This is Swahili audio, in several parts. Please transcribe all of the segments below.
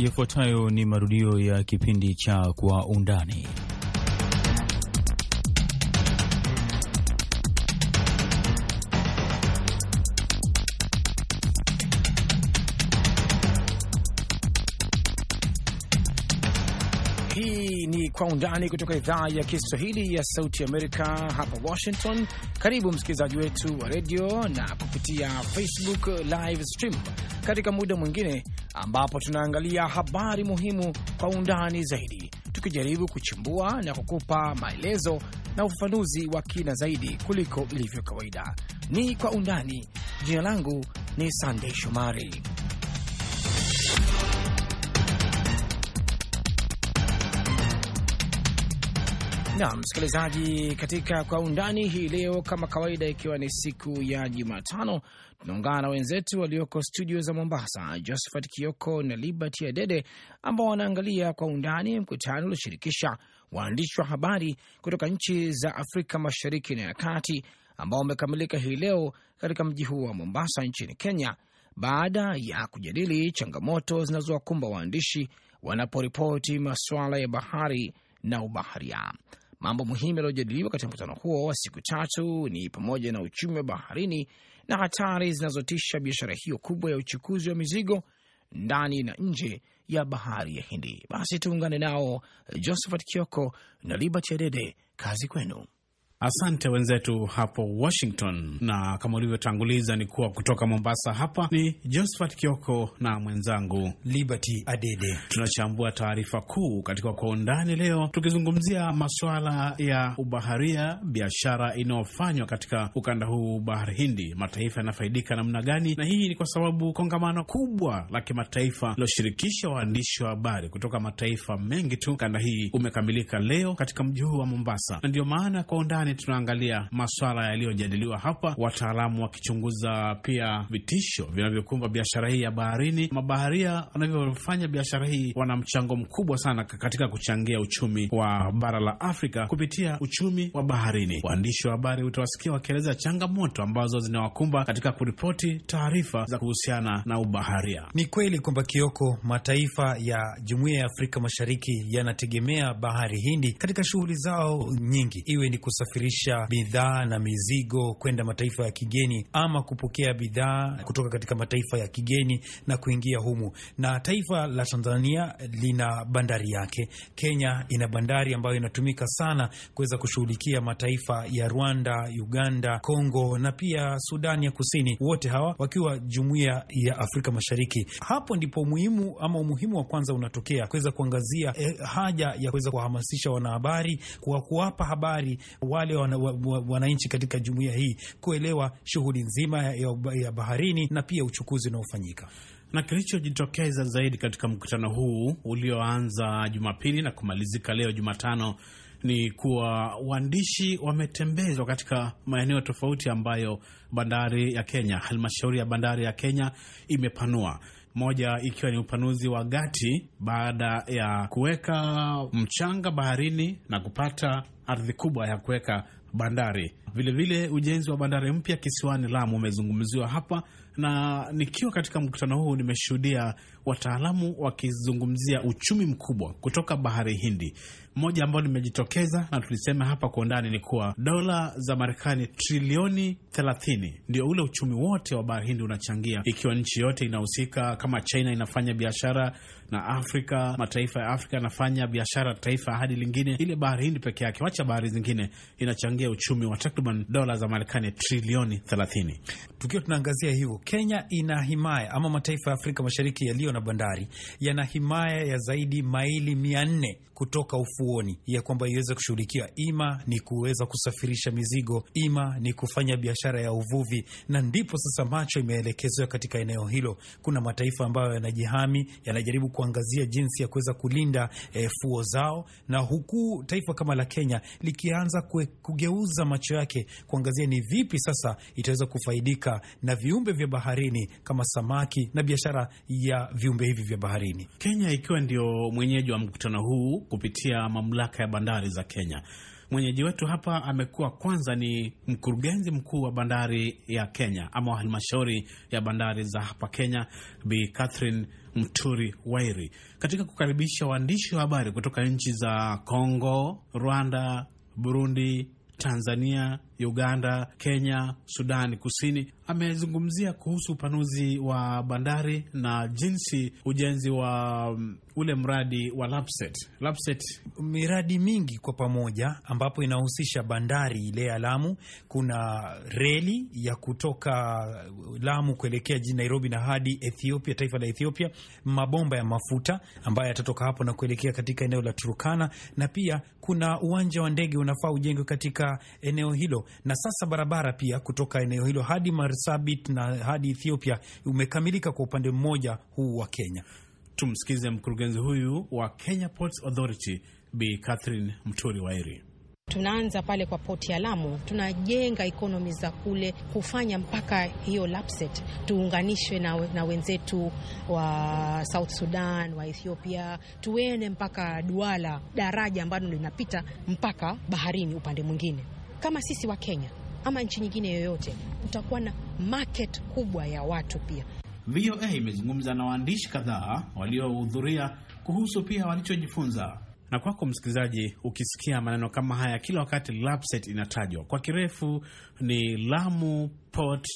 Yafuatayo ni marudio ya kipindi cha Kwa Undani. Hii ni Kwa Undani kutoka idhaa ya Kiswahili ya Sauti Amerika hapa Washington. Karibu msikilizaji wetu wa redio na kupitia Facebook live stream katika muda mwingine ambapo tunaangalia habari muhimu kwa undani zaidi, tukijaribu kuchimbua na kukupa maelezo na ufafanuzi wa kina zaidi kuliko ilivyo kawaida. Ni kwa undani. Jina langu ni Sandei Shomari. Na msikilizaji, katika kwa undani hii leo, kama kawaida, ikiwa ni siku ya Jumatano, tunaungana na wenzetu walioko studio za Mombasa, Josephat Kioko na Liberty Adede, ambao wanaangalia kwa undani mkutano ulioshirikisha waandishi wa habari kutoka nchi za Afrika Mashariki na ya Kati, ambao wamekamilika hii leo katika mji huu wa Mombasa nchini Kenya, baada ya kujadili changamoto zinazowakumba waandishi wanaporipoti masuala ya bahari na ubaharia. Mambo muhimu yaliyojadiliwa katika mkutano huo wa siku tatu ni pamoja na uchumi wa baharini na hatari zinazotisha biashara hiyo kubwa ya uchukuzi wa mizigo ndani na nje ya bahari ya Hindi. Basi tuungane nao Josephat Kioko na Liberty Adede. Kazi kwenu. Asante wenzetu hapo Washington, na kama ulivyotanguliza ni kuwa kutoka Mombasa hapa ni Josephat Kioko na mwenzangu Liberty Adede. Tunachambua taarifa kuu katika Kwa Undani leo tukizungumzia masuala ya ubaharia, biashara inayofanywa katika ukanda huu bahari Hindi, mataifa yanafaidika namna gani? Na hii ni kwa sababu kongamano kubwa la kimataifa liloshirikisha waandishi wa habari kutoka mataifa mengi tu kanda hii umekamilika leo katika mji huu wa Mombasa, na ndiyo maana Kwa Undani Marekani tunaangalia maswala yaliyojadiliwa hapa, wataalamu wakichunguza pia vitisho vinavyokumba biashara hii ya baharini. Mabaharia wanavyofanya biashara hii wana mchango mkubwa sana katika kuchangia uchumi wa bara la Afrika kupitia uchumi wa baharini. Waandishi wa habari utawasikia wakieleza changamoto ambazo zinawakumba katika kuripoti taarifa za kuhusiana na ubaharia. Ni kweli kwamba Kioko, mataifa ya Jumuiya ya Afrika Mashariki yanategemea bahari Hindi katika shughuli zao nyingi, iwe ni kusafiri kusafirisha bidhaa na mizigo kwenda mataifa ya kigeni ama kupokea bidhaa kutoka katika mataifa ya kigeni na kuingia humu. Na taifa la Tanzania lina bandari yake. Kenya ina bandari ambayo inatumika sana kuweza kushughulikia mataifa ya Rwanda, Uganda, Kongo na pia Sudani ya Kusini, wote hawa wakiwa jumuiya ya Afrika Mashariki. Hapo ndipo muhimu ama umuhimu wa kwanza unatokea kuweza kuangazia eh, haja ya kuweza kuwahamasisha wanahabari kwa kuwapa habari wale wale wananchi katika jumuiya hii kuelewa shughuli nzima ya, ya baharini na pia uchukuzi unaofanyika na kilichojitokeza zaidi katika mkutano huu ulioanza Jumapili na kumalizika leo Jumatano ni kuwa waandishi wametembezwa katika maeneo tofauti ambayo bandari ya Kenya, halmashauri ya bandari ya Kenya imepanua moja ikiwa ni upanuzi wa gati baada ya kuweka mchanga baharini na kupata ardhi kubwa ya kuweka bandari. Vilevile, ujenzi wa bandari mpya kisiwani Lamu umezungumziwa hapa na nikiwa katika mkutano huu nimeshuhudia wataalamu wakizungumzia uchumi mkubwa kutoka bahari Hindi. Mmoja ambao nimejitokeza na tulisema hapa kwa undani ni kuwa dola za Marekani trilioni 30 ndio ule uchumi wote wa bahari Hindi unachangia, ikiwa nchi yote inahusika. Kama China inafanya biashara na Afrika, mataifa ya Afrika yanafanya biashara taifa hadi lingine, ile bahari Hindi peke yake, wacha bahari zingine, inachangia uchumi wa takriban dola za Marekani trilioni 30. Tukiwa tunaangazia hivyo Kenya ina himaya ama mataifa ya Afrika Mashariki yaliyo na bandari yana himaya ya zaidi maili mia nne kutoka ufuoni, ya kwamba iweze kushughulikiwa, ima ni kuweza kusafirisha mizigo, ima ni kufanya biashara ya uvuvi, na ndipo sasa macho imeelekezwa katika eneo hilo. Kuna mataifa ambayo yanajihami, yanajaribu kuangazia jinsi ya kuweza kulinda eh, fuo zao, na huku taifa kama la Kenya likianza kugeuza macho yake kuangazia ni vipi sasa itaweza kufaidika na viumbe vya baharini kama samaki na biashara ya viumbe hivi vya baharini. Kenya ikiwa ndio mwenyeji wa mkutano huu kupitia mamlaka ya bandari za Kenya. Mwenyeji wetu hapa amekuwa kwanza ni mkurugenzi mkuu wa bandari ya Kenya ama halmashauri ya bandari za hapa Kenya, Bi Catherine Mturi Wairi, katika kukaribisha waandishi wa habari kutoka nchi za Kongo, Rwanda, Burundi, Tanzania Uganda, Kenya, Sudani Kusini. Amezungumzia kuhusu upanuzi wa bandari na jinsi ujenzi wa mm, ule mradi wa Lapset. Lapset, miradi mingi kwa pamoja ambapo inahusisha bandari ile ya Lamu. Kuna reli ya kutoka Lamu kuelekea jijini Nairobi na hadi Ethiopia, taifa la Ethiopia, mabomba ya mafuta ambayo yatatoka hapo na kuelekea katika eneo la Turukana, na pia kuna uwanja wa ndege unafaa ujengwe katika eneo hilo na sasa barabara pia kutoka eneo hilo hadi Marsabit na hadi Ethiopia umekamilika kwa upande mmoja huu wa Kenya. Tumsikize mkurugenzi huyu wa Kenya Ports Authority Bi Catherine Mturi Wairi. Tunaanza pale kwa poti ya Lamu, tunajenga ikonomi za kule kufanya mpaka hiyo Lapset tuunganishwe na, na wenzetu wa South Sudan wa Ethiopia, tuene mpaka Duala, daraja ambalo linapita mpaka baharini upande mwingine kama sisi wa Kenya ama nchi nyingine yoyote, utakuwa na market kubwa ya watu pia. VOA imezungumza na waandishi kadhaa waliohudhuria kuhusu pia walichojifunza. Na kwako msikilizaji, ukisikia maneno kama haya kila wakati LAPSET inatajwa kwa kirefu, ni Lamu Port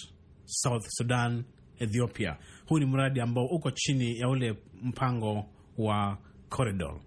South Sudan Ethiopia. Huu ni mradi ambao uko chini ya ule mpango wa corridor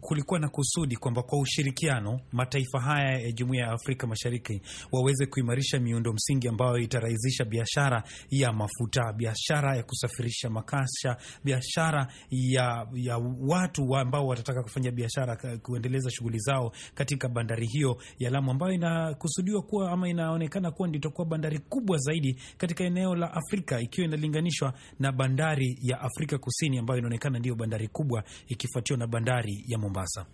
kulikuwa na kusudi kwamba kwa ushirikiano mataifa haya ya Jumuiya ya Afrika Mashariki waweze kuimarisha miundo msingi ambayo itarahisisha biashara ya mafuta, biashara ya kusafirisha makasha, biashara ya, ya watu ambao watataka kufanya biashara, kuendeleza shughuli zao katika bandari hiyo ya Lamu ambayo inakusudiwa kuwa ama inaonekana kuwa ndio itakuwa bandari kubwa zaidi katika eneo la Afrika ikiwa inalinganishwa na bandari ya Afrika Kusini ambayo inaonekana ndiyo bandari kubwa ikifuatiwa na bandari ya Mombasa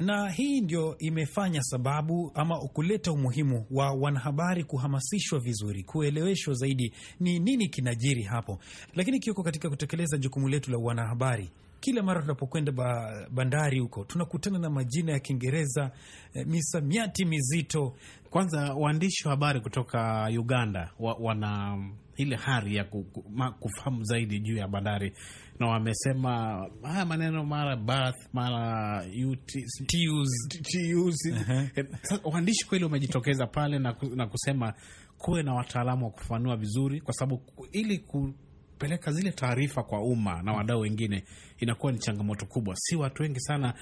na hii ndio imefanya sababu ama kuleta umuhimu wa wanahabari kuhamasishwa vizuri, kueleweshwa zaidi ni nini kinajiri hapo. Lakini kioko katika kutekeleza jukumu letu la wanahabari, kila mara tunapokwenda ba bandari huko tunakutana na majina ya Kiingereza, eh, misamiati mizito. Kwanza waandishi wa habari kutoka Uganda wa, wana ile hari ya kufahamu zaidi juu ya bandari na no, wamesema haya maneno mara bath mara waandishi uh-huh. kweli wamejitokeza pale na, na kusema kuwe na wataalamu wa kufanua vizuri, kwa sababu ili kupeleka zile taarifa kwa umma na wadau wengine inakuwa ni changamoto kubwa. Si watu wengi sana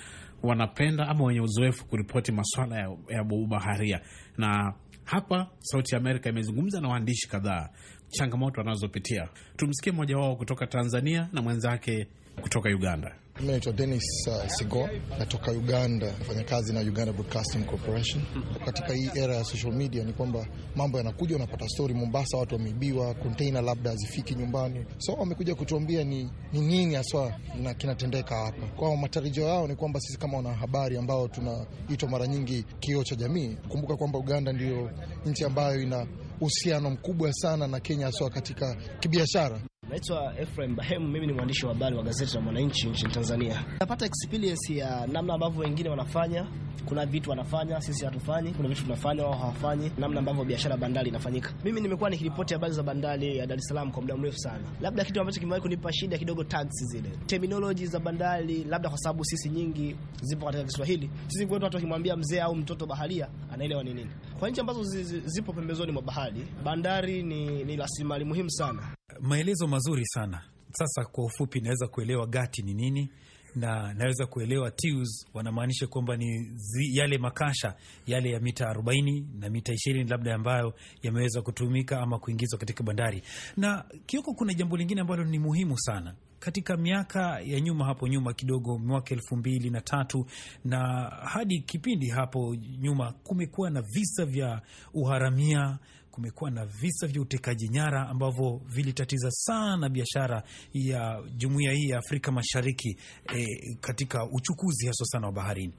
wanapenda ama wenye uzoefu kuripoti maswala ya, ya ubaharia na hapa Sauti ya Amerika imezungumza na waandishi kadhaa changamoto wanazopitia. Tumsikie mmoja wao kutoka Tanzania na mwenzake kutoka Uganda. mi naitwa denis uh, Sigo, natoka Uganda, nafanya kazi na Uganda Broadcasting Corporation. Katika hii era ya social media ni kwamba mambo yanakuja, unapata stori Mombasa, watu wameibiwa container, labda hazifiki nyumbani, so wamekuja kutuambia ni, ni nini haswa na kinatendeka hapa kwao. Matarajio yao ni kwamba sisi kama wanahabari ambao tunaitwa mara nyingi kioo cha jamii, kumbuka kwamba Uganda ndiyo nchi ambayo ina uhusiano mkubwa sana na Kenya, haswa katika kibiashara. Naitwa Ephraim Bahem, mimi ni mwandishi wa habari wa gazeti la Mwananchi nchini Tanzania. Napata experience ya namna ambavyo wengine wanafanya kuna vitu wanafanya sisi hatufanyi, kuna vitu tunafanya wao hawafanyi, namna ambavyo biashara bandari inafanyika. Mimi nimekuwa nikiripoti habari za bandari ya Dar es Salaam kwa muda mrefu sana. Labda kitu ambacho kimewahi kunipa shida kidogo, tags zile, terminology za bandari, labda kwa sababu sisi nyingi zipo katika Kiswahili. Sisi kwetu watu wakimwambia mzee au mtoto baharia anaelewa ni nini. Kwa nchi ambazo zipo pembezoni mwa bahari, bandari ni, ni rasilimali muhimu sana. Maelezo mazuri sana. Sasa kwa ufupi, naweza kuelewa gati ni nini na naweza kuelewa tews wanamaanisha kwamba ni zi, yale makasha yale ya mita 40 na mita 20 labda ambayo yameweza kutumika ama kuingizwa katika bandari. Na Kioko, kuna jambo lingine ambalo ni muhimu sana katika miaka ya nyuma hapo nyuma kidogo, mwaka elfu mbili na tatu na hadi kipindi hapo nyuma, kumekuwa na visa vya uharamia, kumekuwa na visa vya utekaji nyara ambavyo vilitatiza sana biashara ya jumuiya hii ya Afrika Mashariki e, katika uchukuzi haswa sana wa baharini.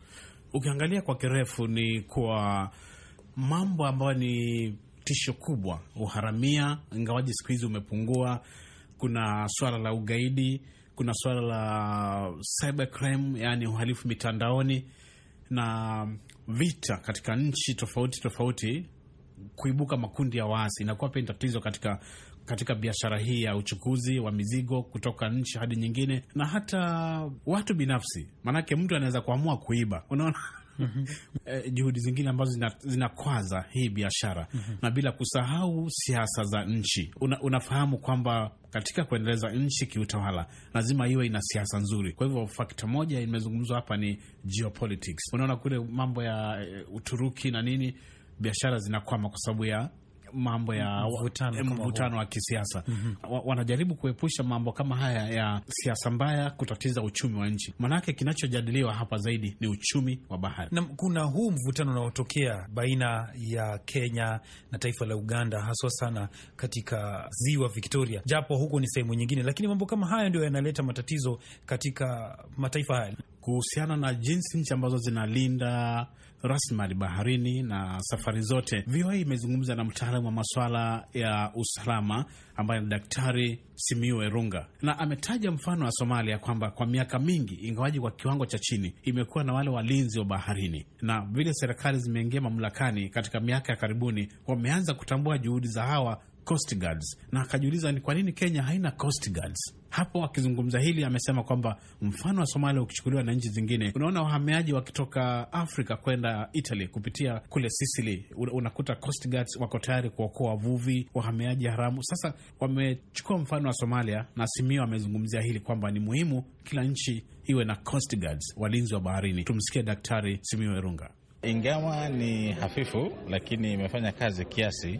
Ukiangalia kwa kirefu ni kwa mambo ambayo ni tisho kubwa, uharamia, ingawaji siku hizi umepungua kuna swala la ugaidi, kuna swala la cybercrime, yaani uhalifu mitandaoni na vita katika nchi tofauti tofauti, kuibuka makundi ya waasi inakuwa pia ni tatizo katika katika biashara hii ya uchukuzi wa mizigo kutoka nchi hadi nyingine, na hata watu binafsi, maanake mtu anaweza kuamua kuiba, unaona mm -hmm. juhudi zingine ambazo zinakwaza zina hii biashara mm -hmm. na bila kusahau siasa za nchi. Una, unafahamu kwamba katika kuendeleza nchi kiutawala lazima iwe ina siasa nzuri. Kwa hivyo fakta moja imezungumzwa hapa ni geopolitics. Unaona kule mambo ya eh, Uturuki na nini, biashara zinakwama kwa sababu ya mambo ya mvutano, wa kisiasa mm -hmm. wa, wanajaribu kuepusha mambo kama haya ya siasa mbaya kutatiza uchumi wa nchi, manake kinachojadiliwa hapa zaidi ni uchumi wa bahari, na kuna huu mvutano unaotokea baina ya Kenya na taifa la Uganda, haswa sana katika ziwa Victoria, japo huko ni sehemu nyingine, lakini mambo kama haya ndio yanaleta matatizo katika mataifa haya kuhusiana na jinsi nchi ambazo zinalinda rasilimali baharini na safari zote. VOA imezungumza na mtaalamu wa masuala ya usalama ambaye ni Daktari Simiu Erunga, na ametaja mfano wa Somalia kwamba kwa miaka mingi, ingawaji kwa kiwango cha chini, imekuwa na wale walinzi wa baharini, na vile serikali zimeingia mamlakani katika miaka ya karibuni, wameanza kutambua juhudi za hawa coast guards, na akajiuliza ni kwa nini Kenya haina coast guards. Hapo akizungumza hili amesema kwamba mfano wa Somalia ukichukuliwa na nchi zingine, unaona wahamiaji wakitoka Afrika kwenda Italy kupitia kule Sicily, unakuta coast guards wako tayari kuokoa wavuvi, wahamiaji haramu. Sasa wamechukua mfano wa Somalia na Simio amezungumzia hili kwamba ni muhimu kila nchi iwe na coast guards, walinzi wa baharini. Tumsikie Daktari Simio Erunga. Ingawa ni hafifu, lakini imefanya kazi kiasi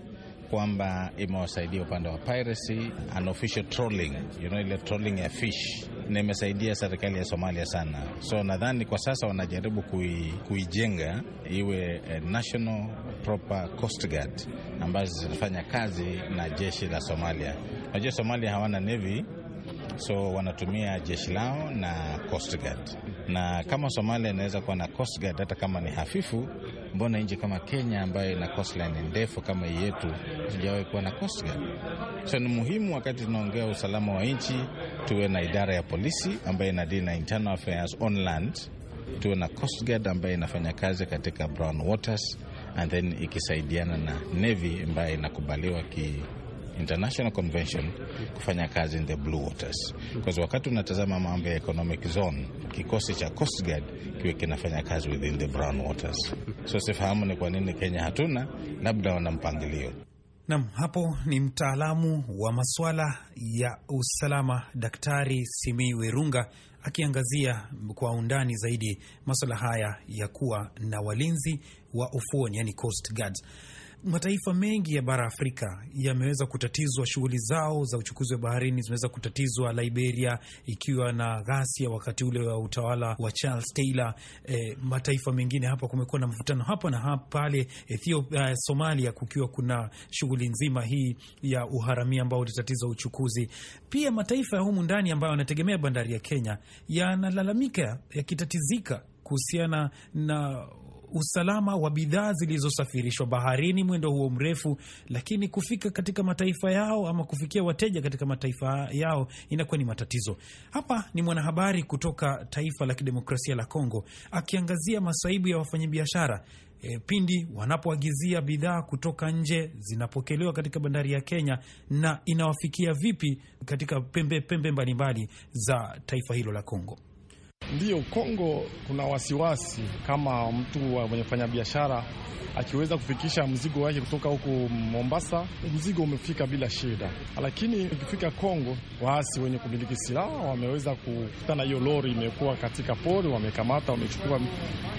kwamba imewasaidia upande wa piracy and official trolling, you know, ile trolling ya fish na imesaidia serikali ya Somalia sana. So nadhani kwa sasa wanajaribu kui, kuijenga iwe national proper coast guard ambazo zinafanya kazi na jeshi la Somalia. najua Somalia hawana navy so wanatumia jeshi lao na coast guard. Na kama Somalia inaweza kuwa na coast guard hata kama ni hafifu, mbona nchi kama Kenya ambayo ina coastline ndefu kama hii yetu sijawahi kuwa na coast guard? So ni muhimu wakati tunaongea usalama wa nchi tuwe na idara ya polisi ambayo inadili na internal affairs on land, tuwe na coast guard ambayo inafanya kazi katika brown waters and then ikisaidiana na navy ambayo inakubaliwa ki international convention kufanya kazi in the blue waters, sababu wakati unatazama mambo ya economic zone, kikosi cha Coast Guard kiwe kinafanya kazi within the brown waters. So sifahamu ni kwa nini Kenya hatuna, labda wana mpangilio Nam, hapo ni mtaalamu wa masuala ya usalama Daktari Simi Werunga akiangazia kwa undani zaidi masuala haya ya kuwa na walinzi wa ufuoni, yani coast guards mataifa mengi ya bara Afrika yameweza kutatizwa, shughuli zao za uchukuzi wa baharini zimeweza kutatizwa. Liberia ikiwa na ghasia wakati ule wa utawala wa Charles Taylor. E, mataifa mengine hapa kumekuwa na mvutano hapa na hapa pale. Ethiopia, eh, Somalia kukiwa kuna shughuli nzima hii ya uharamia ambao ulitatiza uchukuzi. Pia mataifa ya humu ndani ambayo yanategemea bandari ya Kenya yanalalamika yakitatizika kuhusiana na usalama wa bidhaa zilizosafirishwa baharini mwendo huo mrefu, lakini kufika katika mataifa yao ama kufikia wateja katika mataifa yao inakuwa ni matatizo. Hapa ni mwanahabari kutoka taifa la kidemokrasia la Kongo akiangazia masaibu ya wafanyabiashara E, pindi wanapoagizia bidhaa kutoka nje zinapokelewa katika bandari ya Kenya na inawafikia vipi katika pembe pembe mbalimbali za taifa hilo la Kongo. Ndiyo, Kongo kuna wasiwasi kama mtu mwenye fanya biashara akiweza kufikisha mzigo wake kutoka huko Mombasa, mzigo umefika bila shida, lakini ukifika Kongo, waasi wenye kumiliki silaha wameweza kukutana, hiyo lori imekuwa katika pori, wamekamata, wamechukua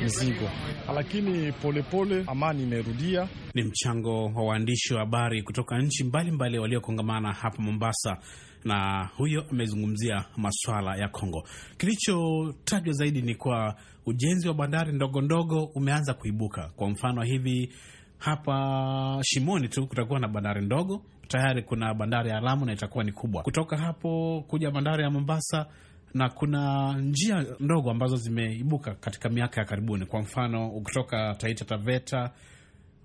mzigo, lakini polepole pole, amani imerudia. Ni mchango wa waandishi wa habari kutoka nchi mbalimbali waliokongamana hapa Mombasa na huyo amezungumzia maswala ya Kongo. Kilichotajwa zaidi ni kwa ujenzi wa bandari ndogo ndogo umeanza kuibuka. Kwa mfano hivi hapa Shimoni tu kutakuwa na bandari ndogo tayari, kuna bandari ya Lamu na itakuwa ni kubwa. Kutoka hapo kuja bandari ya Mombasa na kuna njia ndogo ambazo zimeibuka katika miaka ya karibuni. Kwa mfano ukitoka Taita Taveta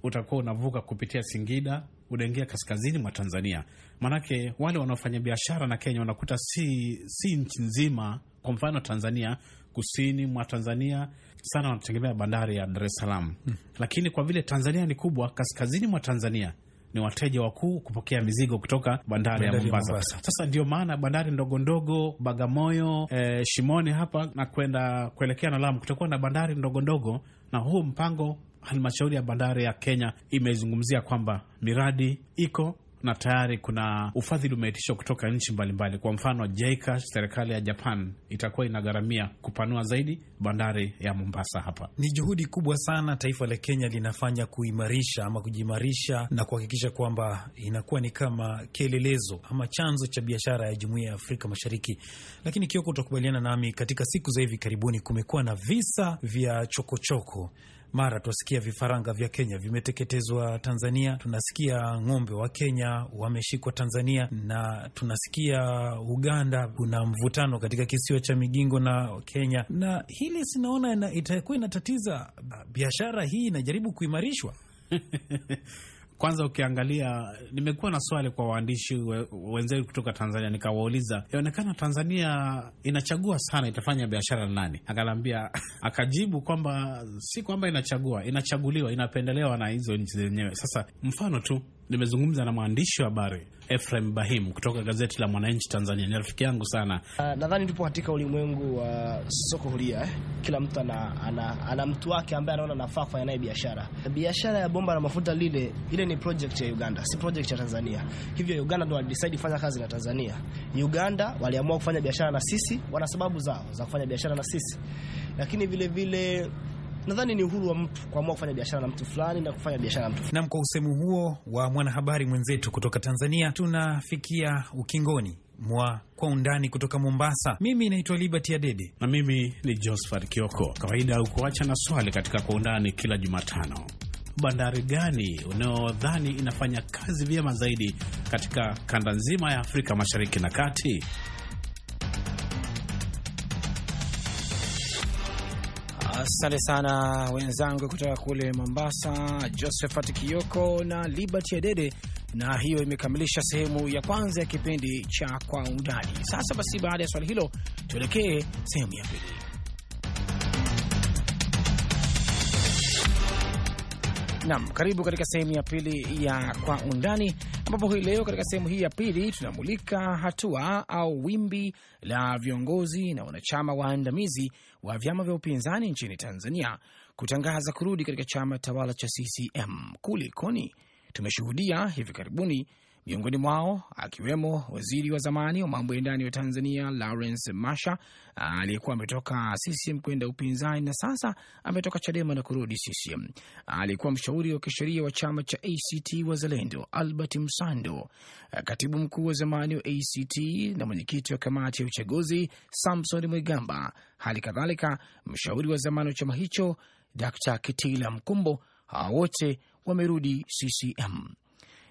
utakuwa unavuka kupitia Singida unaingia kaskazini mwa Tanzania. Manake wale wanaofanya biashara na Kenya wanakuta si, si nchi nzima. Kwa mfano Tanzania, kusini mwa Tanzania sana wanategemea bandari ya Dar es Salaam hmm. Lakini kwa vile Tanzania ni kubwa, kaskazini mwa Tanzania ni wateja wakuu kupokea mizigo kutoka bandari, bandari ya Mombasa. Sasa ndio maana bandari ndogo ndogo Bagamoyo, e, Shimoni hapa na kwenda kuelekea na Lamu kutakuwa na bandari ndogo ndogo, na huu mpango halmashauri ya bandari ya Kenya imezungumzia kwamba miradi iko na tayari kuna ufadhili umeitishwa kutoka nchi mbalimbali. Kwa mfano, JICA, serikali ya Japan itakuwa inagharamia kupanua zaidi bandari ya Mombasa. Hapa ni juhudi kubwa sana taifa la Kenya linafanya kuimarisha ama kujiimarisha na kuhakikisha kwamba inakuwa ni kama kielelezo ama chanzo cha biashara ya jumuiya ya Afrika Mashariki. Lakini Kioko, utakubaliana nami, katika siku za hivi karibuni kumekuwa na visa vya chokochoko choko mara twasikia vifaranga vya Kenya vimeteketezwa Tanzania, tunasikia ng'ombe wa Kenya wameshikwa Tanzania, na tunasikia Uganda kuna mvutano katika kisiwa cha Migingo na Kenya, na hili sinaona itakuwa inatatiza biashara hii, inajaribu kuimarishwa Kwanza ukiangalia, nimekuwa na swali kwa waandishi we, wenzetu kutoka Tanzania, nikawauliza inaonekana Tanzania inachagua sana itafanya biashara na nani, akaniambia akajibu kwamba si kwamba inachagua, inachaguliwa, inapendelewa na hizo nchi zenyewe. Sasa mfano tu nimezungumza na mwandishi wa habari Ephraim Bahim kutoka gazeti la Mwananchi Tanzania. Ni rafiki yangu sana. Uh, nadhani tupo katika ulimwengu wa uh, soko huria eh. Kila mtu ana, ana, ana mtu wake ambaye anaona nafaa kufanya naye biashara. Biashara ya bomba la mafuta lile ile ni project ya Uganda, si project ya Tanzania. Hivyo Uganda ndio walidecide kufanya kazi na Tanzania. Uganda waliamua kufanya biashara na sisi, wana sababu zao za kufanya biashara na sisi, lakini vile vile nadhani ni uhuru wa mtu kuamua kufanya biashara na mtu fulani na kufanya biashara na mtu fulani. Nam, kwa usemu huo wa mwanahabari mwenzetu kutoka Tanzania, tunafikia ukingoni mwa Kwa Undani kutoka Mombasa. Mimi naitwa Liberty Adede na mimi ni Josephat Kioko. Kawaida hukuacha na swali katika Kwa Undani kila Jumatano, bandari gani unaodhani inafanya kazi vyema zaidi katika kanda nzima ya Afrika Mashariki na Kati? Asante sana wenzangu kutoka kule Mombasa, Josephat Kioko na Liberty Adede. Na hiyo imekamilisha sehemu ya kwanza ya kipindi cha Kwa Undani. Sasa basi, baada ya swali hilo, tuelekee sehemu ya pili. Nam, karibu katika sehemu ya pili ya Kwa Undani, ambapo hii leo katika sehemu hii ya pili tunamulika hatua au wimbi la viongozi na wanachama waandamizi wa vyama vya upinzani nchini Tanzania kutangaza kurudi katika chama tawala cha CCM. Kulikoni? Tumeshuhudia hivi karibuni miongoni mwao akiwemo waziri wa zamani wa mambo ya ndani wa Tanzania Lawrence Masha aliyekuwa ametoka CCM kwenda upinzani na sasa ametoka Chadema na kurudi CCM. aliyekuwa mshauri wa kisheria wa chama cha ACT Wazalendo Albert Msando, katibu mkuu wa zamani wa ACT na mwenyekiti wa kamati ya uchaguzi Samson Mwigamba, hali kadhalika mshauri wa zamani wa chama hicho Dr. Kitila Mkumbo. Hawa wote wamerudi CCM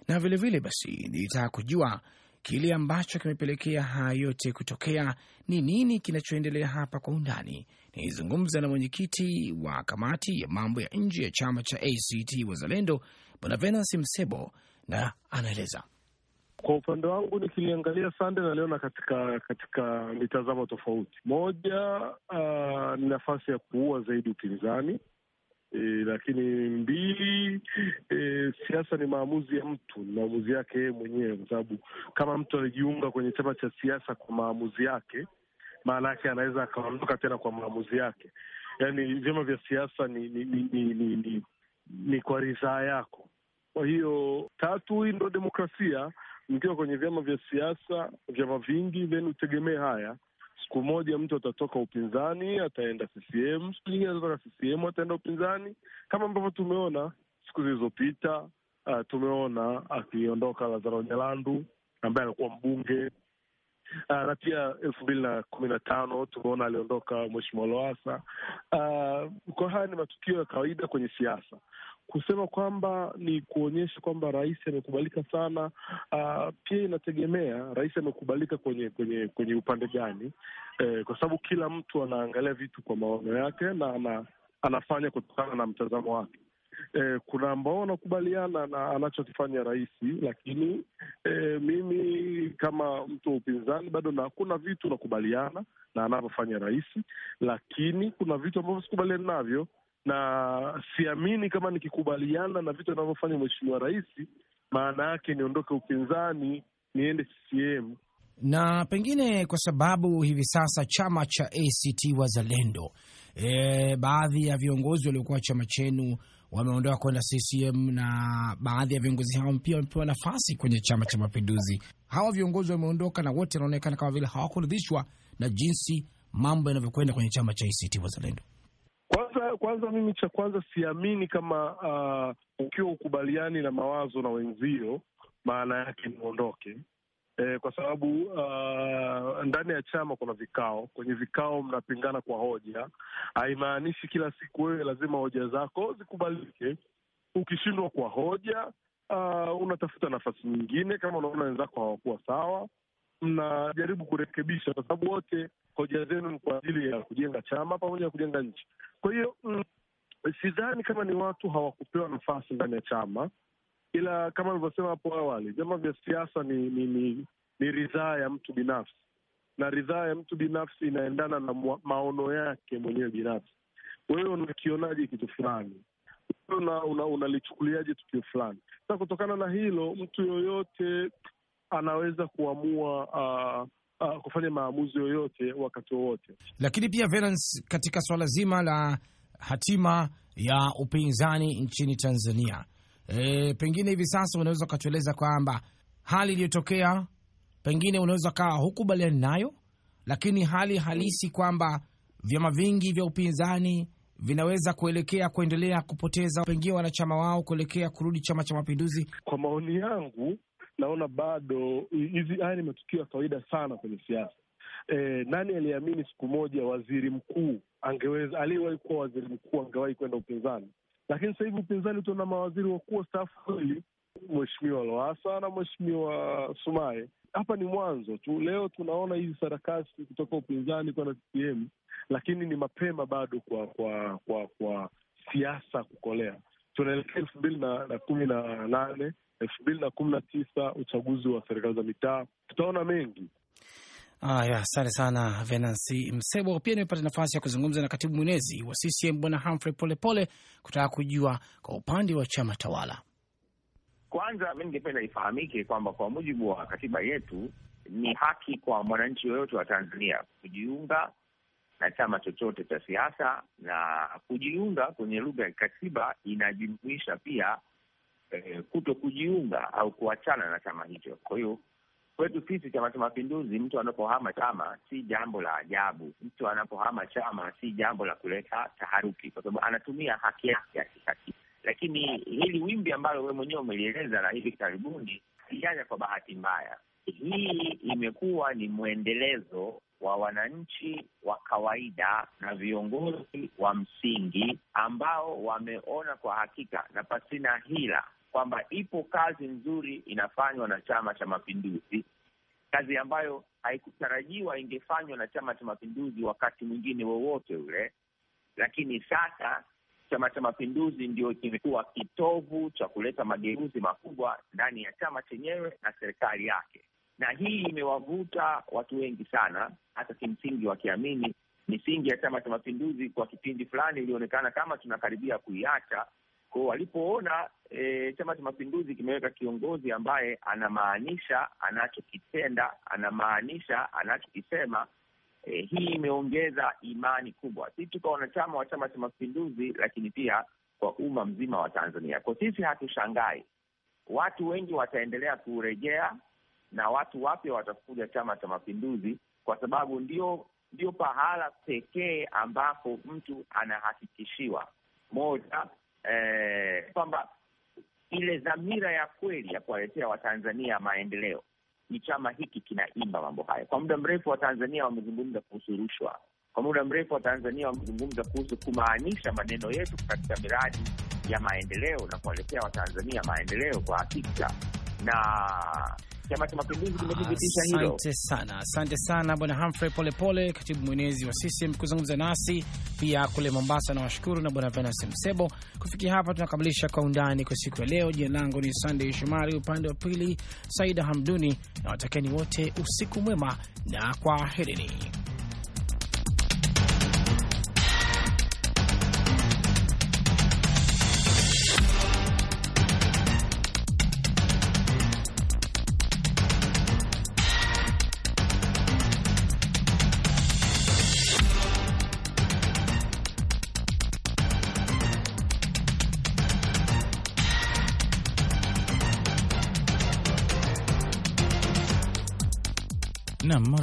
na vilevile vile basi nilitaka kujua kile ambacho kimepelekea haya yote kutokea, ni nini kinachoendelea hapa. Kwa undani nilizungumza na mwenyekiti wa kamati ya mambo ya nje ya chama cha ACT Wazalendo, Bonavenance Msebo, na anaeleza kwa upande wangu nikiliangalia sande naliona katika katika mitazamo tofauti. Moja, ah, ni uh, nafasi ya kuua zaidi upinzani e, lakini mbili, e, siasa ni maamuzi ya mtu, ni maamuzi yake yeye mwenyewe, kwa sababu kama mtu alijiunga kwenye chama cha siasa kwa maamuzi yake, maana yake anaweza akaondoka tena kwa maamuzi yake. Yaani vyama vya siasa ni ni, ni, ni, ni, ni ni kwa ridhaa yako. Kwa hiyo tatu, hii ndo demokrasia. Mkiwa kwenye vyama vya siasa, vyama vingi, then utegemee haya Siku moja mtu atatoka upinzani ataenda CCM, siku nyingine atatoka CCM ataenda upinzani, kama ambavyo tumeona siku zilizopita. Uh, tumeona akiondoka Lazaro Nyalandu ambaye alikuwa mbunge uh, na pia elfu mbili na kumi na tano tumeona aliondoka Mheshimiwa loasa Uh, kwa haya ni matukio ya kawaida kwenye siasa kusema kwamba ni kuonyesha kwamba rais amekubalika sana. Uh, pia inategemea rais amekubalika kwenye kwenye kwenye upande gani, eh, kwa sababu kila mtu anaangalia vitu kwa maono yake na ana, anafanya kutokana na mtazamo wake. Eh, kuna ambao wanakubaliana na anachokifanya rais, lakini eh, mimi kama mtu wa upinzani bado na kuna vitu nakubaliana na anavyofanya rais, lakini kuna vitu ambavyo sikubaliani navyo na siamini kama nikikubaliana na vitu anavyofanya mheshimiwa rais, maana yake niondoke upinzani niende CCM. Na pengine kwa sababu hivi sasa chama cha ACT Wazalendo, e, baadhi ya viongozi waliokuwa chama chenu wameondoka kwenda CCM na baadhi ya viongozi hao pia wamepewa nafasi kwenye chama cha Mapinduzi. Hawa viongozi wameondoka na wote wanaonekana kama vile hawakuridhishwa na jinsi mambo yanavyokwenda kwenye chama cha ACT Wazalendo ya kwanza, mimi cha kwanza siamini kama uh, ukiwa ukubaliani na mawazo na wenzio maana yake niondoke. E, eh, kwa sababu uh, ndani ya chama kuna vikao. Kwenye vikao mnapingana kwa hoja, haimaanishi kila siku wewe lazima hoja zako zikubalike. Ukishindwa kwa hoja uh, unatafuta nafasi nyingine, kama unaona wenzako hawakuwa sawa, mnajaribu kurekebisha, kwa sababu wote hoja zenu ni kwa ajili ya kujenga chama pamoja na kujenga nchi. Kwa hiyo mm, sidhani kama ni watu hawakupewa nafasi ndani ya chama, ila kama alivyosema hapo awali, vyama vya siasa ni, ni, ni, ni ridhaa ya mtu binafsi, na ridhaa ya mtu binafsi inaendana na maono yake mwenyewe binafsi. Wewe unakionaje kitu fulani? unalichukuliaje una tukio fulani? Sasa kutokana na hilo, mtu yoyote anaweza kuamua uh, uh, kufanya maamuzi yoyote wakati wowote. Lakini pia Venance, katika swala zima la hatima ya upinzani nchini Tanzania, e, pengine hivi sasa unaweza ukatueleza kwamba hali iliyotokea pengine unaweza ukawa hukubaliani nayo, lakini hali halisi kwamba vyama vingi vya upinzani vinaweza kuelekea kuendelea kupoteza pengine wanachama wao kuelekea kurudi Chama cha Mapinduzi. Kwa maoni yangu, naona bado hizi haya ni matukio ya kawaida sana kwenye siasa. E, nani aliyeamini siku moja waziri mkuu angeweza, aliyewahi kuwa waziri mkuu angewahi kwenda upinzani? Lakini sasa hivi upinzani tuna mawaziri wakuu wastaafu wawili, Mheshimiwa loasa na Mheshimiwa Sumaye. Hapa ni mwanzo tu. Leo tunaona hizi sarakasi kutoka upinzani kwenda CCM, lakini ni mapema bado kwa kwa kwa, kwa siasa kukolea. Tunaelekea elfu mbili na kumi na nane elfu mbili na kumi na tisa uchaguzi wa serikali za mitaa. Tutaona mengi. Haya, asante sana Venansi Msebo. Pia nimepata nafasi ya kuzungumza na katibu mwenezi wa CCM Bwana Humphrey Polepole kutaka kujua kwa upande wa chama tawala. Kwanza mi ningependa ifahamike kwamba kwa mujibu wa katiba yetu ni haki kwa mwananchi yoyote wa Tanzania kujiunga na chama chochote cha siasa, na kujiunga kwenye lugha ya katiba inajumuisha pia eh, kuto kujiunga au kuachana na chama hicho. Kwa hiyo kwetu sisi Chama cha Mapinduzi, mtu anapohama chama si jambo la ajabu. Mtu anapohama chama si jambo la kuleta taharuki, kwa sababu anatumia haki yake ya kikatiba. Lakini hili wimbi ambalo wewe mwenyewe umelieleza la hivi karibuni sijaja kwa bahati mbaya, hii imekuwa ni mwendelezo wa wananchi wa kawaida na viongozi wa msingi ambao wameona kwa hakika na pasina hila kwamba ipo kazi nzuri inafanywa na Chama cha Mapinduzi, kazi ambayo haikutarajiwa ingefanywa na Chama cha Mapinduzi wakati mwingine wowote ule, lakini sasa Chama cha Mapinduzi ndio kimekuwa kitovu cha kuleta mageuzi makubwa ndani ya chama chenyewe na serikali yake na hii imewavuta watu wengi sana, hata kimsingi wakiamini misingi ya Chama cha Mapinduzi kwa kipindi fulani ilionekana kama tunakaribia kuiacha. ko walipoona e, Chama cha Mapinduzi kimeweka kiongozi ambaye anamaanisha anachokitenda, anamaanisha anachokisema, e, hii imeongeza imani kubwa, si tu kwa wanachama wa Chama cha Mapinduzi, lakini pia kwa umma mzima wa Tanzania. Kwa sisi hatushangai, watu wengi wataendelea kurejea na watu wapya watakuja Chama cha Mapinduzi, kwa sababu ndio ndio pahala pekee ambapo mtu anahakikishiwa moja, eh, kwamba ile dhamira ya kweli ya kuwaletea Watanzania maendeleo ni chama hiki kinaimba mambo hayo. Kwa muda mrefu Watanzania wamezungumza kuhusu rushwa, kwa muda mrefu Watanzania wamezungumza kuhusu kumaanisha maneno yetu katika miradi ya maendeleo na kuwaletea Watanzania maendeleo kwa hakika na Chama cha Mapinduzi kimethibitisha hilo. Asante sana, asante sana Bwana Humphrey Polepole, katibu mwenezi wa CCM kuzungumza nasi pia kule Mombasa. Nawashukuru na Bwana Venance Msebo. Kufikia hapa, tunakamilisha kwa undani kwa siku ya leo. Jina langu ni Sunday Shomari, upande wa pili Saida Hamduni, na watakeni wote usiku mwema na kwaherini.